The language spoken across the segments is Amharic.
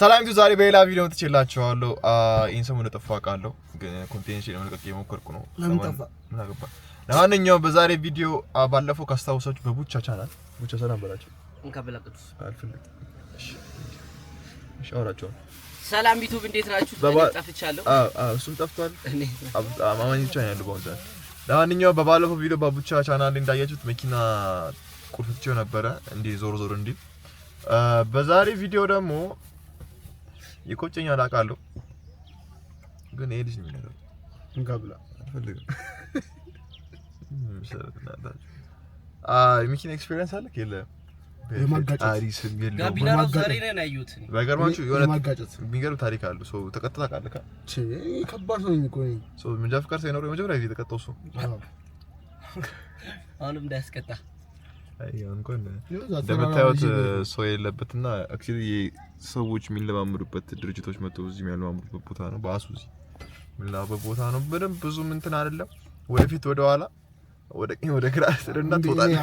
ሰላም ዛሬ በሌላ ቪዲዮ ትችላችኋለሁ። ይህን ሰሞኑን ጠፋ ቃለሁ፣ ግን ኮንቴንሽን ለመልቀቅ የሞከርኩ ነው። ምን አገባ። ለማንኛውም በዛሬ ቪዲዮ ባለፈው ካስታውሳችሁ በቡቻ ቻናል ቡቻ ሰላም በላቸው። ሰላም ዩቱብ እንዴት ናችሁ? ጠፍቷል። አማኝ ብቻ ነው ያለው በአሁኑ ለማንኛውም በባለፈው ቪዲዮ በቡቻ ቻናል እንዳያችሁት መኪና ቁልፍቼው ነበረ እንዲህ ዞር ዞር እንዲል። በዛሬ ቪዲዮ ደግሞ ይቆጨኛል አውቃለሁ፣ ግን ይሄ ልጅ ነው የሚነግረው። አልፈልግም። አይ ሚኪን ኤክስፒሪየንስ አለ ከለ የሚገርም ታሪክ አለው። ሰው ተቀጥታ ታውቃለህ? ከባድ ነው ሰው ሳይኖረው የመጀመሪያ ጊዜ የተቀጣው ሰው አሁንም እንዳያስቀጣ እንኳን እንደምታዩት ሰው የለበትና አክቹዋሊ ሰዎች የሚለማመዱበት ድርጅቶች መጥተው እዚህ ቦታ ነው። በአሱ እዚህ ቦታ ነው። ምንም ብዙም እንትን አይደለም። ወደፊት ወደ ኋላ ወደ ቀኝ ወደ ግራ እና ትወጣለህ።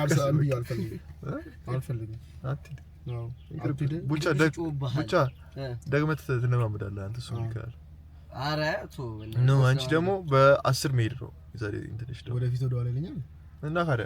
አልፈልግም ብቻ አንቺ ደግሞ በአስር መሄድ ነው እና ታዲያ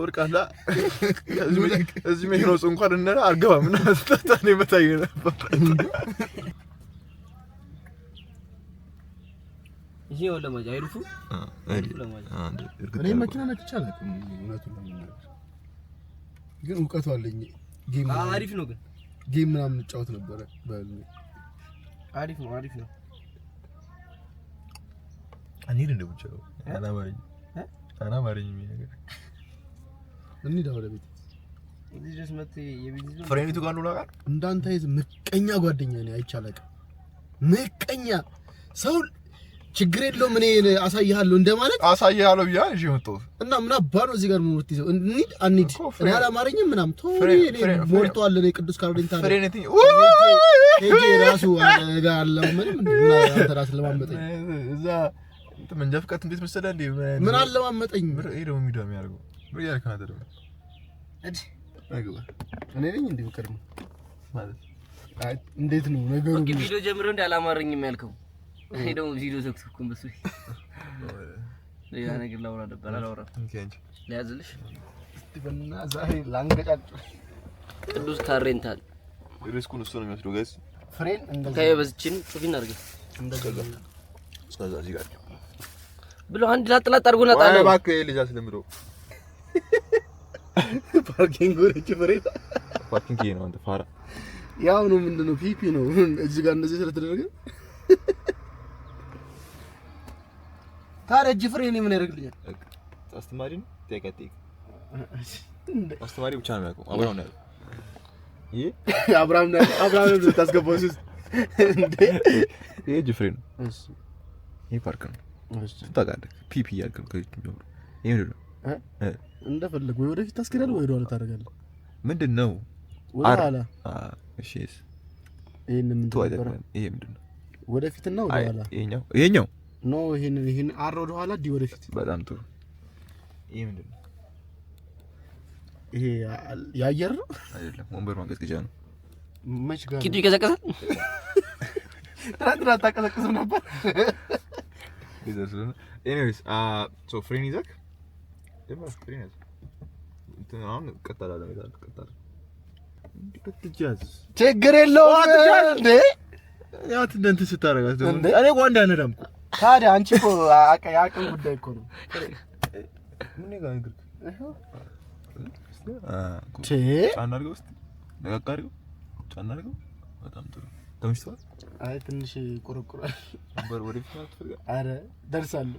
ትወድቃለህ። እዚህ ሜኖጽ እንኳን እነ አልገባም እና ስጠጣ መታየ ነበር። መኪና ነክቼ አላውቅም፣ ግን እውቀቱ አለኝ። አሪፍ ነው። ግን ጌም ምናምን እንጫወት ነበረ። አሪፍ ነው፣ አሪፍ ነው። አንሂድ እንደምችለው አላማረኝም፣ አላማረኝም ነገር እንሂዳ ወደ ቤት ፍሬኒቱ ጋር ነው ላቃል እንዳንተ ይዝ ምቀኛ ጓደኛ ነው አይቻለቅ ምቀኛ ሰው ችግር የለውም እኔ አሳይሃለሁ እንደማለት አሳይሃለሁ ብያ እሺ ወጥቶ እና ምን አባ ነው እዚህ ጋር ምርት ይዘው እንሂድ አንሂድ እኔ አላማረኝም ምናምን ቶ እኔ ሞልቷል እኔ ቅዱስ ካሮሊን ለማመጠኝ እዛ መንጃ ፍቃድ እንዴት መሰለህ እንዴ ምን አለማመጠኝ ይሄ ደግሞ የሚደው የሚያደርገው ምን እያልክ ነው? አይደለም እድ አግባ እኔ ነኝ እንዴ በቀድሞ ማለት አይ፣ እንዴት ነው ነገሩ? ቪዲዮ ጀምሮ እንደ አላማረኝም ያልከው እኔ ደግሞ ቪዲዮ ዘግቶኩም በሱ ያ ነገር ላውራ ነበር አላውራ። ኦኬ አንቺ ለያዝልሽ ትበና ዛሬ ላንገጫጭ ቅዱስ ካሬንታል ሪስኩን እሱ ነው የሚወስደው። ጋይስ ፍሬን እንደዛ ከበዝችን ሹፊ እናርገ እንደዛ እስከዛ እዚህ ብሎ አንድ ላጥ አድርጎና ጣለ። እባክህ ልጅ አስለምደው ይሄ ነው ያው ነው ምንድነው፣ ፒፒ ነው እዚህ ጋር እንደዚህ ስለተደረገ ታዲያ እጅ ፍሬ እኔ ምን ያደርግልኛል? አስተማሪ ነው አስተማሪ ብቻ ነው የሚያውቀው። አብርሃም ነው ይሄ አብርሃም ነው አብርሃም ነው ታስገባው ሲስ እንዴ ይሄ እጅ ፍሬ ነው። እሱ ይሄ ፓርክ ነው። እሺ ታውቃለህ፣ ፒፒ ያልከው ከዚህ ነው ይሄ ነው እ እንደፈለግ ወይ ወደፊት ታስኬዳለህ ወይ ወደኋላ ታደርጋለህ። ምንድን ነው ወደኋላ? ምንድን ነው ወደፊትና ወደኋላ? ይሄኛው ኖ አር ወደኋላ ዲ ወደፊት። በጣም ጥሩ። ይሄ ምንድን ነው? ይሄ የአየር ነው አይደለም፣ ወንበር ማንቀዝቀዣ ነው። መች ጋር ኪዱ ይቀዘቀዛል። ትናንትና አታቀዘቅዝም ነበር። ኤኒዌይስ ሶ ፍሬን ይዘህ ችግር የለውም። እንትን ስታደርጋት እኔ ታዲያ አንቺ የአቅም ጉዳይ እኮ ነው። ትንሽ ቆረቁሯል። ደርሳለሁ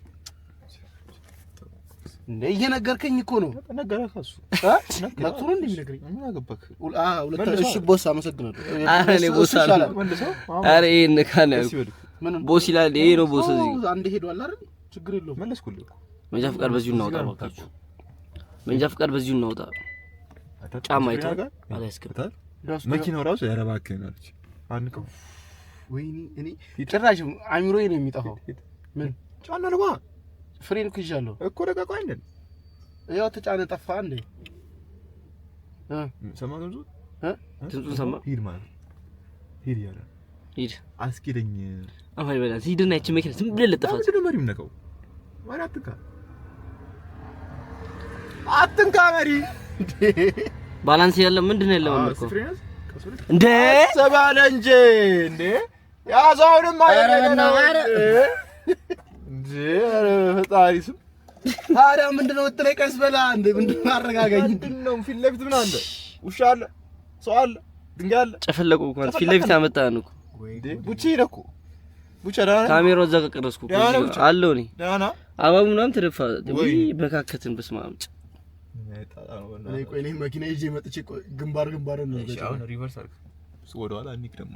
እየነገርከኝ እኮ ነው። ነገረህ ምን እሺ ቦስ አመሰግናለሁ። ቦስ አለ አረ ይሄን ይላል። ይሄ ነው ቦስ። እዚህ አንድ ሄዷል አይደል? ችግር የለውም መለስኩልህ። መንጃ ፍቃድ በዚሁ እናውጣ እባካችሁ። መንጃ ፍቃድ በዚሁ እናውጣ። ጫማ መኪናው ራሱ ኧረ እባክህ ነው አለች። ወይኔ እኔ ጭራሽ አእምሮዬ ነው የሚጠፋው። ምን ጫና ልባ ፍሬ እኮ ይዣለሁ እኮ ደቀቀው አይደል? ያው ተጫነ ጠፋ እንዴ? ሰማ ድምፁ ድምፁን ሰማ። ሂድ ማለት ሂድ እያለ ሂድ አስኪደኝ አማን ይበላል። ሂድና ይቺ መኪና ዝም ብለህ ለጥፋት። ምንድን ነው መሪም ነቀው ማን አትንካ አትንካ መሪ ባላንስ ያለው ምንድን ነው ያለው እኮ እንዴ ሰባለ እንጂ እንዴ ያዛውንም አይደለም ፈጣሪ ስም ታዲያ ምንድን ነው ቀስ በላ እንደ ምንድን አረጋጋኝ። ምንድን ፊት ለፊት ምን አለ? ውሻ አለ፣ ሰው አለ፣ ድንጋይ አለ። ጨፈለቁ እኮ አንተ ፊት ለፊት አመጣን እኮ ቡቼ ሄደ እኮ ቡቼ ካሜራው እዛ ከቀረስኩ አለው። እኔ ደህና አባቡ ምናምን ተደፋ ወይ መካከትን በስመ አብ መኪና ይዤ መጥቼ ግንባር ግንባር ነው። ሪቨርስ አድርግ ወደኋላ እኒክ ደግሞ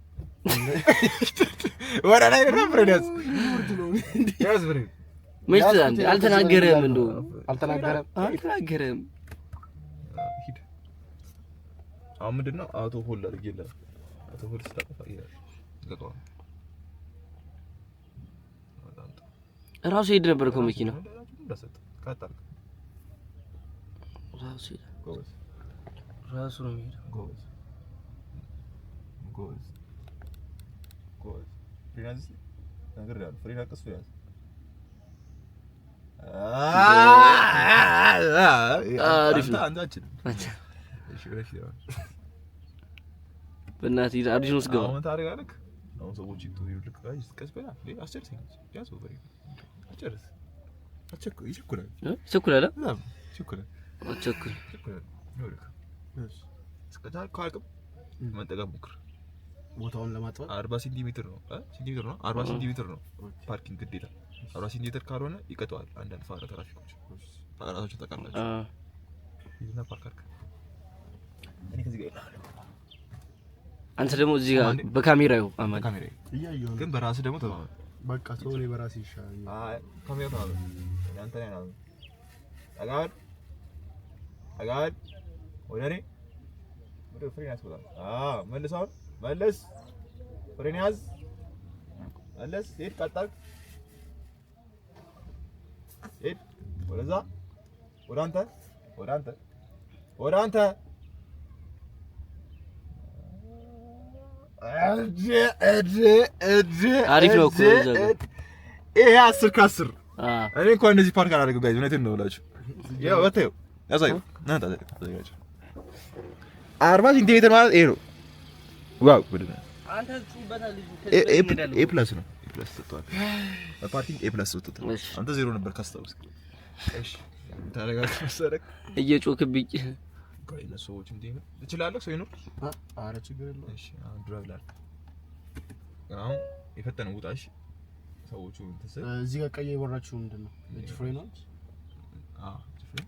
አልተናገረም እንደው አልተናገረም። አሁን ምንድን ነው አቶ ሆል አድርጌልህ አቶ ሆል ስታጠፋ እራሱ ሄድ ነበር እኮ መኪና ራሱ ነው የሚሄደው ጎበዝ ፍሪላንስ በእናትህ አዲስ ነው ስገባ አሁን ታሪክ አለክ አሁን ሰዎች ይቶ ይልክ ጋይስ ከስበላ አስር ሰዎች ያዝ ወበሪ አጨርስ አቸኩ ይቸኩላል ይቸኩላል አይደል ይቸኩላል አቸኩ ይቸኩላል ነው ልክ እስከ ታሪክ ካልክም መጠቀም ሞክር ቦታውን ለማጥፋት 40 ሴንቲሜትር ነው ሴንቲሜትር ነው 40 ሴንቲሜትር ነው ፓርኪንግ ግዴታ። 40 ሴንቲሜትር ካልሆነ ይቀጠዋል። አንዳንድ ፋራ ትራፊኮች ራሳቸው ታውቃላችሁ። ይዝና ፓርክ አድርግ። እኔ ከዚህ ጋር አንተ ደግሞ እዚህ ጋር በካሜራ ይኸው አማን ካሜራ ይኸው ግን በራስህ ደግሞ ተባለ። በቃ ሰው እኔ በራሴ ይሻላል። ካሜራ ተባለ። ያንተ ነህ ያለው አጋድ አጋድ ወደ እኔ ወደ ፍሬን ያስወጣል። አዎ መልሰው መለስ ፍሬን ያዝ መለስ ሂድ ቀጣይ ሂድ ወደዛ ወደ አንተ ወደ አንተ ወደ አንተ አሪፍ ነው እኮ ይሄ አስር ከአስር እኔ እንኳን እነዚህ ፓርክ አላደርግም ጋይዝ እውነቴን ነው ብላችሁ ያው አርባ ሴንቲሜትር ማለት ይሄ ነው ዋው ጉድ ነው። ኤ ፕላስ ነው። ኤ ፕላስ ሰጥቷል። በፓርቲንግ ኤ ፕላስ ሰጥቷል። አንተ ዜሮ ነበር ካስታውስ። እሺ ታረጋግጥ መሰረክ እየጮክብኝ ሰዎች እንዴ ነው እችላለሁ። ሰው ይኖር። አረ ችግር የለውም። እሺ አሁን ድራብ ላድርግ። አሁን የፈጠነ እሺ ሰዎቹ ተሰ እዚህ ጋር ቀይ የወራችሁ ምንድን ነው? እጅ ፍሬ ነው። አዎ እጅ ፍሬ።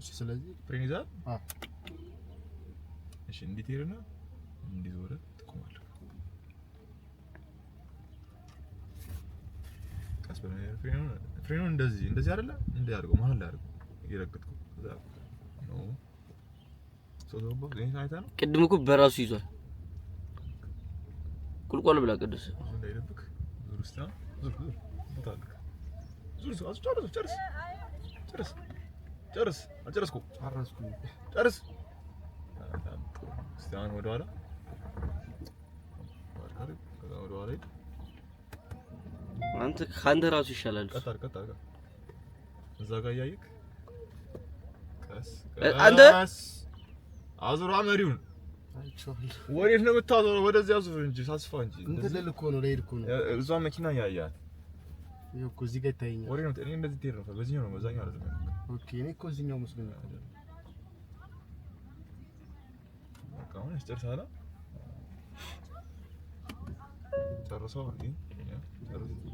እሺ ስለዚህ ፍሬን ይዛል። አዎ እሺ እንዴት ይሄድና እንዲዞረ ትቆማለህ። ቀስ ፍሬኑን እንደዚህ እንደዚህ አይደለ እንደ አድርገው መሀል ላይ አድርገው ቅድም እኮ በራሱ ይዟል። ቁልቋል ብላ ቅዱስ ጨርስ ጨርስ ጨርስ ወደኋላ አንተ ካንተ ራሱ ይሻላል። ቀጣር ቀጣር እዛ ጋር እያየክ አንተ አዙራ መሪውን ወዴት ነው የምታዞረው? ወደዚያ ዙር እንጂ ሳስፋ እንጂ እንትን እኮ ነው ልሄድ እኮ ነው። እዛ መኪና ያያል እኮ እዚህ ጋር ይታየኛል። ወዴት ነው እኔ እንደዚህ ትሄድ ነው በዚህኛው ነው በዛኛው አይደለም። ኦኬ እኔ እኮ እዚህኛው መስሎኛል። በቃ አሁን ያስጨርሳል። ጨርሰው ጨርሰው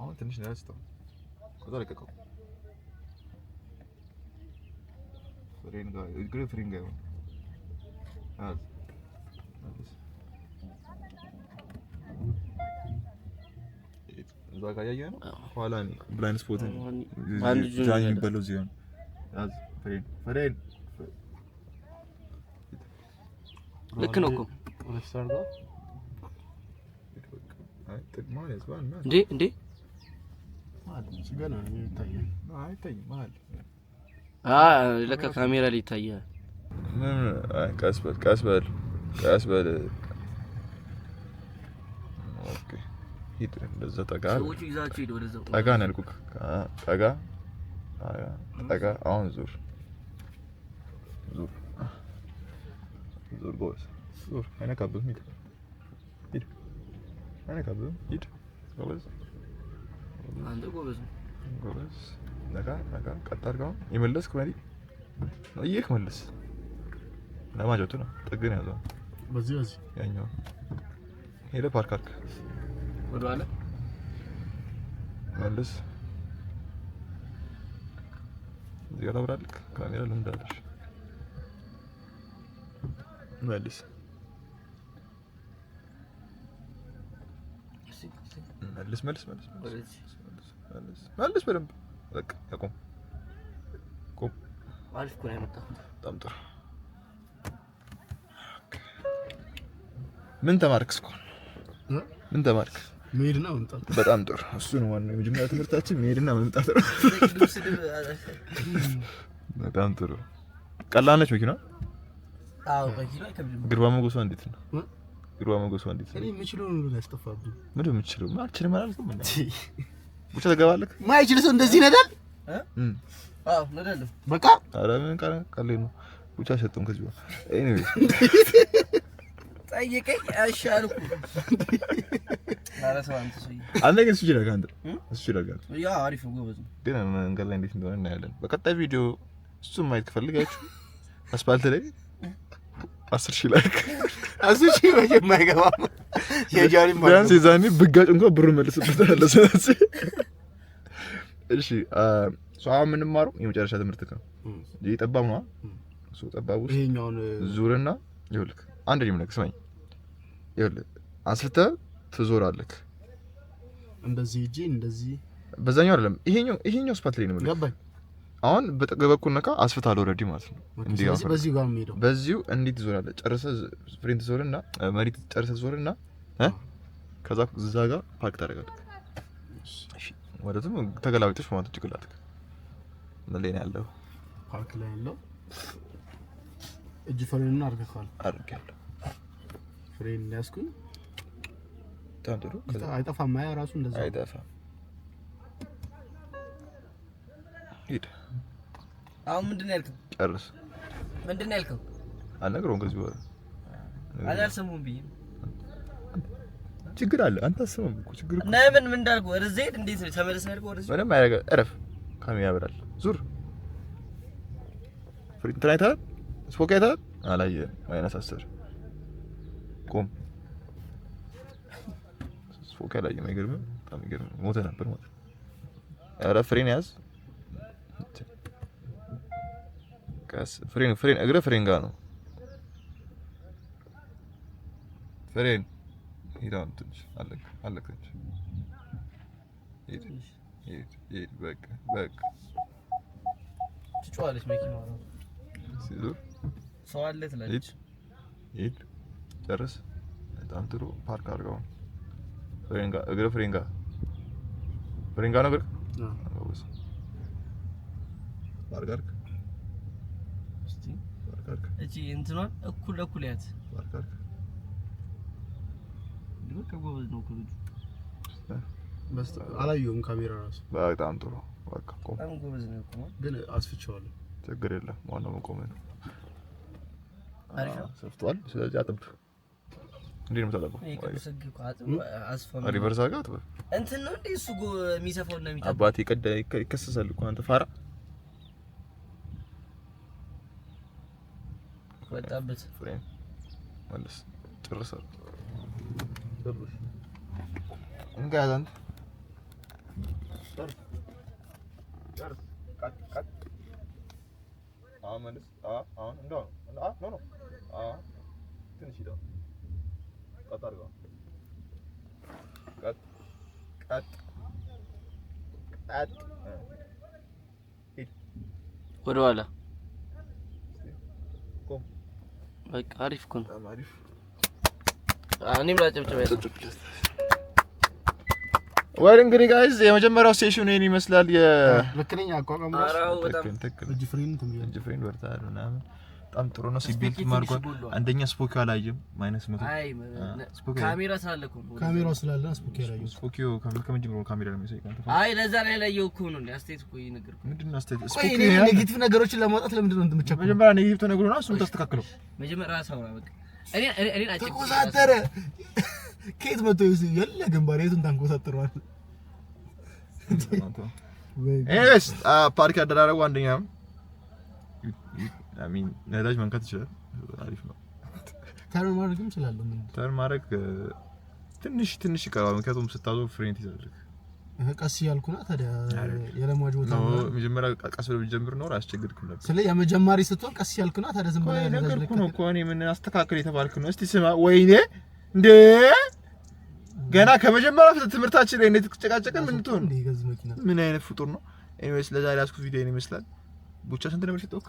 አሁን ትንሽ ነው ያስተው። ከዛ ለቀቀው ፍሬን ጋር እግሬ ፍሬን ጋር ይሆን አዝ እዛ ጋር ያየህ ነው። ኋላ ነው ብላይንድ ስፖት ጃኝ የሚባለው እዚህ ነው። አዝ ፍሬን ፍሬን ልክ ነው እኮ ሁለት ሰርጋ እንዴ እንዴ ለካ ካሜራ ላይ ይታያል። ቀስ በል ቀስ በል ቀስ በል። እንደዛ ጠጋ ጠጋ ነው ያልኩህ። ጠጋ ጠጋ። አሁን ዙር ዙር ዙር ጎበዝ ዙር። አይነካብህም። ሂድ ሂድ፣ አይነካብህም። ሂድ ጎበዝ አንተ ይህ መልስ ለማጀቱ ነው። ጥግን ያዘው በዚህ በዚህ ያኛው ሄደ ፓርክ አድርግ ወደ ኋላ መልስ እዚህ ጋር ታብራለህ። ካሜራ ልምድ አለሽ መልስ መልስ መልስ መልስ መልስ መልስ በደንብ በቃ ያቆም ቆም። አሪፍ እኮ ነው ያመጣሁት። በጣም ጥሩ። ምን ተማርክ? እስኮ ምን ተማርክ? መሄድና መምጣት። በጣም ጥሩ። እሱ ነው ዋናው የመጀመሪያ ትምህርታችን፣ መሄድና መምጣት ነው። በጣም ጥሩ። ቀላል ነች መኪናዋ። ግርማ ሞገሷ እንዴት ነው? ይሩዋ መጎሷ እንዴት ነው? እኔ የምችለው ነው ያስጠፋብኝ። ምን የምችለው አልችልም አላልኩም። ብቻ ተገባለክ። ማይችል ሰው እንደዚህ ነዳል። አዎ ነዳል። በቃ ኧረ ምን ቃል ነው ብቻ ሰጠም። ከዚህ በኋላ ኤኒዌይ ጠይቀኝ እሺ አልኩ። አንተ ግን እሱ ይችላል፣ አንተ እሱ ያ አሪፍ መንገድ ላይ እንዴት እንደሆነ እናያለን። በቀጣይ ቪዲዮ እሱን ማየት ከፈልጋችሁ አስፓልት ላይ አስር ሺህ ላይክ እሱ ሺ መቼም የጃሪ የጃኒ ቢያንስ የዛኔ ብጋጭ እንኳን ብሩ መልስበታል። ስለዚህ እሺ ሰው የምንማረው የመጨረሻ ትምህርት ነው። ይህ ጠባብ ነው። እሱ ጠባብ ውስጥ ይሄኛውን ዙርና ይኸውልህ፣ አንድ ዲም ነክ ስማኝ፣ ይኸውልህ አስፍተህ ትዞራለህ። እንደዚህ እጄ እንደዚህ በዛኛው አይደለም፣ ይሄኛው ይሄኛው ስፓት ላይ ነው ገባኝ አሁን በኩል ነካ አስፍታል ኦልሬዲ ማለት ነው። በዚሁ እንዲህ ትዞራለህ ጨርሰህ ፍሬን ትዞር እና መሬት ጨርሰህ ዞር እና ከዛ እዛ ጋር ፓርክ ታደርጋለህ። ወደትም ተገላቢጦሽ ማለት ጭቅላት ምን ላይ ነው ያለው? ፓርክ ላይ ያለው እጅ ፍሬን ፍሬኑን አድርገኸዋል? አድርጌያለሁ። ፍሬን ያዝኩኝ። አይጠፋም። ማያ ራሱ እንደዛ አይጠፋም አሁን ምንድን ነው ያልከው? ጨርስ። ምንድን ነው ያልከው? አልነግረውም። ከዚህ በኋላ አልሰሙም ብዬ ችግር አለ። አንተ አስበም እኮ ችግር እኮ ለምን ምን እንዳልኩ ወደ እንዴት ነው ተመለስን ያልኩህ? ወደ ዘይት ምንም አያደርግም። እረፍ። ካሜራ ያበራል። ዙር ፍሪንት ላይ ታዲያ ስፖክ አይተሃል? አላየህም። ማይነስ አስር ቁም። ስፖክ አላየህም። አይገርምም? በጣም ይገርም። ሞተህ ነበር ማለት ነው። ኧረ ፍሬን ያዝ። ቀስ ፍሬን ፍሬን እግረ ፍሬን ጋር ነው። ፍሬን ሂዳን ትንሽ አለክ አለክ ትንሽ ጨርስ። በጣም ጥሩ ፓርክ አድርገው። ፍሬን ጋር እግረ ነው እግረ እቺ እንትኗን እኩል ለእኩል ያት ነው እኮ ልጁ። አላየሁም ካሜራ ራሱ በጣም ጥሩ ግን አስፍቼዋለሁ። ችግር የለም ዋናው መቆም ነው። ሰፍቷል። ስለዚህ አጥብ እንዴት ነው የምታጠበው? ሪቨርስ አድርገህ አጥበህ እንትን ነው እንደ እሱ የሚሰፋውና የሚጠበው አባቴ ይከሰሳል እኮ አንተ ፋራ መጣበት ፍሬም መለስ ጭርስ ጭርስ እንጋዛን ጭርስ ጭርስ ቀጥ ቀጥ አመለስ አ አሁን እንደው አ ኖ ኖ አ ትንሽ ይደው ቀጥ አድርገው ቀጥ ቀጥ ቀጥ ወደ ኋላ በቃ አሪፍ እኮ ነው። እኔም ላጨብጭበ ወይ እንግዲህ ጋይዝ የመጀመሪያው ስቴሽኑ ይሄን ይመስላል። የልክ ነኝ አቋቋም በጣም ጥሩ ነው። ሲቢልት ማርጓል አንደኛ ስፖኪ አላየም። ማይነስ መቶ ካሜራ ስላለ እኮ ስፖኪ አላየም። ስፖኪ ካሜራ ነው። አይ ለዛ ላይ ላየው እኮ ነው። አስተያየት እኮ እየነገርኩህ ምንድን ነው አስተያየት ስፖኪ ኔጌቲቭ ነገሮችን ለማውጣት ለምንድን ነው የምትመቸው? መጀመሪያ ኔጌቲቭ ተነግሮ ነው እሱን ተስተካክለው መጀመሪያ ራስህ አውራ በቃ እኔ እኔ እኔ ተኮሳተረ ከየት መጥቶ የለ ግንባር የቱን ታንኮሳተረዋል? ኤኒዌይስ ፓርክ አደራረጉ አንደኛ ነው ነዳጅ መንካት ይችላል። አሪፍ ነው። ተርን ማድረግም እችላለሁ። ተርን ማድረግ ትንሽ ትንሽ ይቀርባል። ምክንያቱም ስታዞ ፍሬንት ትይዛለህ። ቀስ እያልኩ ና ታዲያ የለማጅ ቦታ መጀመሪያ ቀስ ብለህ ብትጀምር ኖር አያስቸግርክም ነበር። ስለ የመጀመሪ ስትሆን ቀስ እያልኩ ና ታዲያ ዝም ብለህ ነገርኩህ ነው እኮ እኔ ምን አስተካክል የተባልክ ነው። እስቲ ስማ፣ ወይኔ እንዴ ገና ከመጀመሪያ ትምህርታችን ላይ እንዴት ጨቃጨቀን። ምን ትሆን ምን አይነት ፍጡር ነው? ኤኒዌይስ ለዛሬ ያዝኩት ቪዲዮ ይመስላል። ብቻ ስንት ነው የሚሸጠው?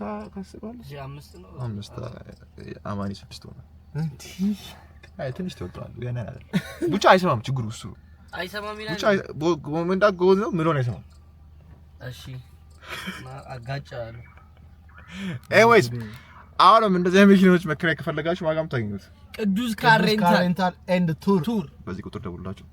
እዚህ አምስት ነው አምስት አማኒ ስድስት ሆነ። አይ ትንሽ ተወጥቷል። ገና አይደል ብቻ አይሰማም። ችግሩ እሱ አይሰማም ይላል። ብቻ ነው ምን አይሰማም። እሺ አጋጫ አጋጫለሁ። ኤኒዌይስ አሁንም እንደዚህ አይነት መኪናዎች መከራየት ከፈለጋችሁ ዋጋም ታገኙት ቅዱስ ካር ሬንታል ኤንድ ቱር በዚህ ቁጥር ደውላችሁ